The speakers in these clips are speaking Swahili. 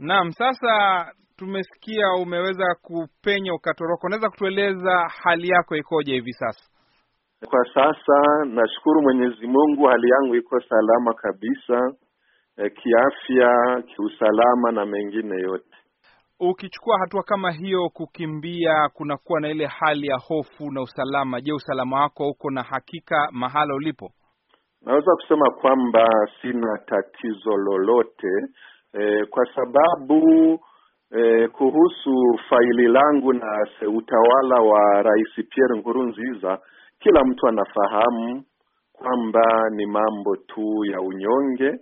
Naam, sasa tumesikia umeweza kupenya ukatoroka. Unaweza kutueleza hali yako ikoje hivi sasa? Kwa sasa nashukuru Mwenyezi Mungu, hali yangu iko salama kabisa, e, kiafya, kiusalama na mengine yote. Ukichukua hatua kama hiyo kukimbia, kunakuwa na ile hali ya hofu na usalama. Je, usalama wako uko na hakika mahala ulipo? Naweza kusema kwamba sina tatizo lolote e, kwa sababu e, kuhusu faili langu na utawala wa Rais Pierre Nkurunziza, kila mtu anafahamu kwamba ni mambo tu ya unyonge,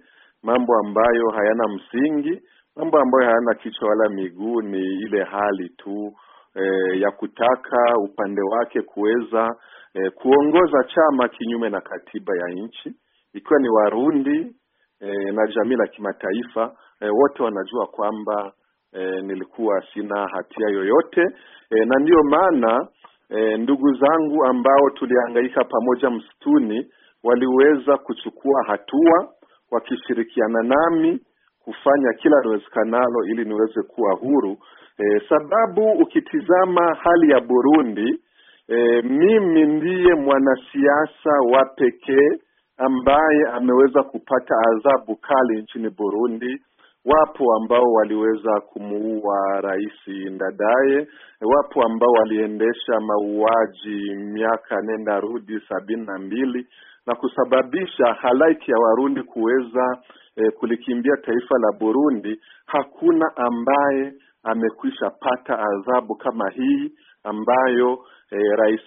mambo ambayo hayana msingi, mambo ambayo hayana kichwa wala miguu. Ni ile hali tu e, ya kutaka upande wake kuweza e, kuongoza chama kinyume na katiba ya nchi, ikiwa ni Warundi e, na jamii la kimataifa e, wote wanajua kwamba e, nilikuwa sina hatia yoyote e, na ndiyo maana e, ndugu zangu ambao tulihangaika pamoja msituni waliweza kuchukua hatua wakishirikiana nami kufanya kila liwezekanalo ili niweze kuwa huru e, sababu ukitizama hali ya Burundi e, mimi ndiye mwanasiasa wa pekee ambaye ameweza kupata adhabu kali nchini Burundi Wapo ambao waliweza kumuua rais Ndadaye, wapo ambao waliendesha mauaji miaka nenda rudi sabini na mbili na kusababisha halaiki ya Warundi kuweza eh, kulikimbia taifa la Burundi. Hakuna ambaye amekwisha pata adhabu kama hii ambayo eh, rais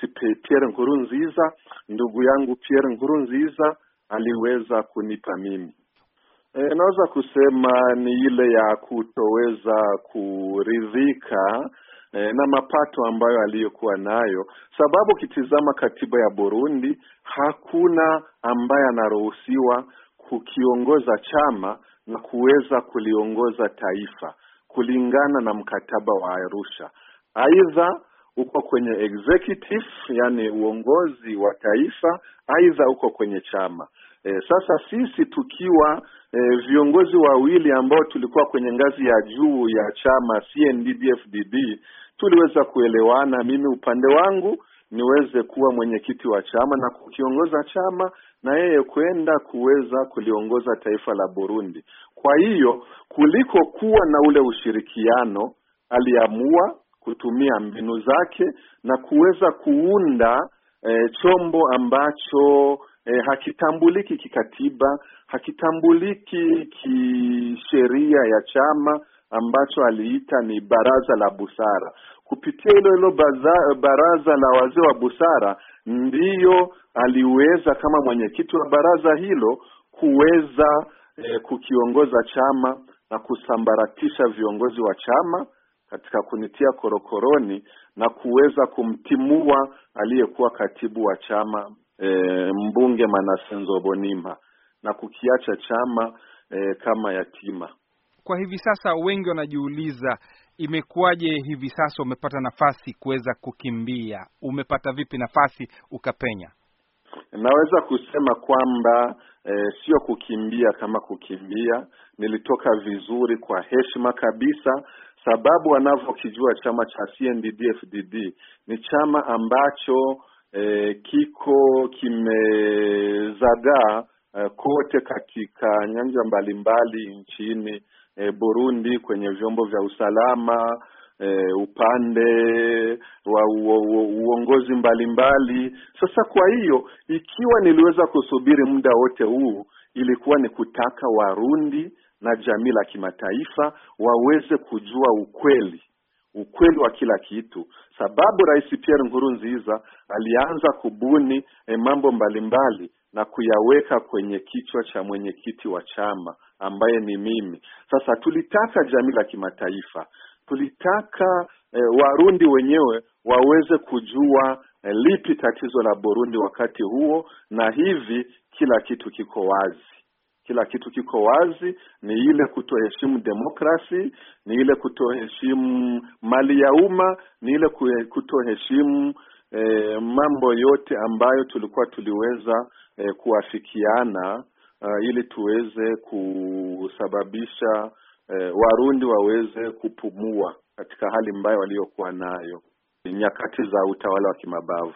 Pierre Nkurunziza, ndugu yangu Pierre Nkurunziza aliweza kunipa mimi. E, naweza kusema ni ile ya kutoweza kuridhika e, na mapato ambayo aliyokuwa nayo, sababu ukitizama katiba ya Burundi hakuna ambaye anaruhusiwa kukiongoza chama na kuweza kuliongoza taifa kulingana na mkataba wa Arusha. Aidha uko kwenye executive, yani uongozi wa taifa, aidha uko kwenye chama. E, sasa sisi tukiwa e, viongozi wawili ambao tulikuwa kwenye ngazi ya juu ya chama CNDD-FDD tuliweza kuelewana, mimi upande wangu niweze kuwa mwenyekiti wa chama na kukiongoza chama na yeye kwenda kuweza kuliongoza taifa la Burundi. Kwa hiyo kuliko kuwa na ule ushirikiano, aliamua kutumia mbinu zake na kuweza kuunda e, chombo ambacho e, hakitambuliki kikatiba, hakitambuliki kisheria ya chama ambacho aliita ni baraza la busara. Kupitia hilo hilo baraza la wazee wa busara, ndiyo aliweza kama mwenyekiti wa baraza hilo kuweza e, kukiongoza chama na kusambaratisha viongozi wa chama katika kunitia korokoroni na kuweza kumtimua aliyekuwa katibu wa chama e, mbunge Manasenzo Bonimba na kukiacha chama e, kama yatima. Kwa hivi sasa wengi wanajiuliza imekuwaje hivi sasa umepata nafasi kuweza kukimbia? Umepata vipi nafasi ukapenya? Naweza kusema kwamba e, sio kukimbia kama kukimbia. Nilitoka vizuri kwa heshima kabisa, sababu wanavyokijua chama cha CNDD-FDD ni chama ambacho e, kiko kimezagaa e, eh, kote katika nyanja mbalimbali mbali nchini e, Burundi kwenye vyombo vya usalama e, upande wa uongozi mbalimbali. Sasa kwa hiyo ikiwa niliweza kusubiri muda wote huu, ilikuwa ni kutaka Warundi na jamii la kimataifa waweze kujua ukweli ukweli wa kila kitu, sababu Rais Pierre Nkurunziza alianza kubuni eh, mambo mbalimbali na kuyaweka kwenye kichwa cha mwenyekiti wa chama ambaye ni mimi. Sasa tulitaka jamii la kimataifa, tulitaka eh, Warundi wenyewe waweze kujua eh, lipi tatizo la Burundi wakati huo, na hivi kila kitu kiko wazi kila kitu kiko wazi. Ni ile kutoheshimu demokrasi, ni ile kutoheshimu mali ya umma, ni ile kutoheshimu eh, mambo yote ambayo tulikuwa tuliweza eh, kuafikiana uh, ili tuweze kusababisha eh, Warundi waweze kupumua katika hali mbaya waliokuwa nayo nyakati za utawala wa kimabavu.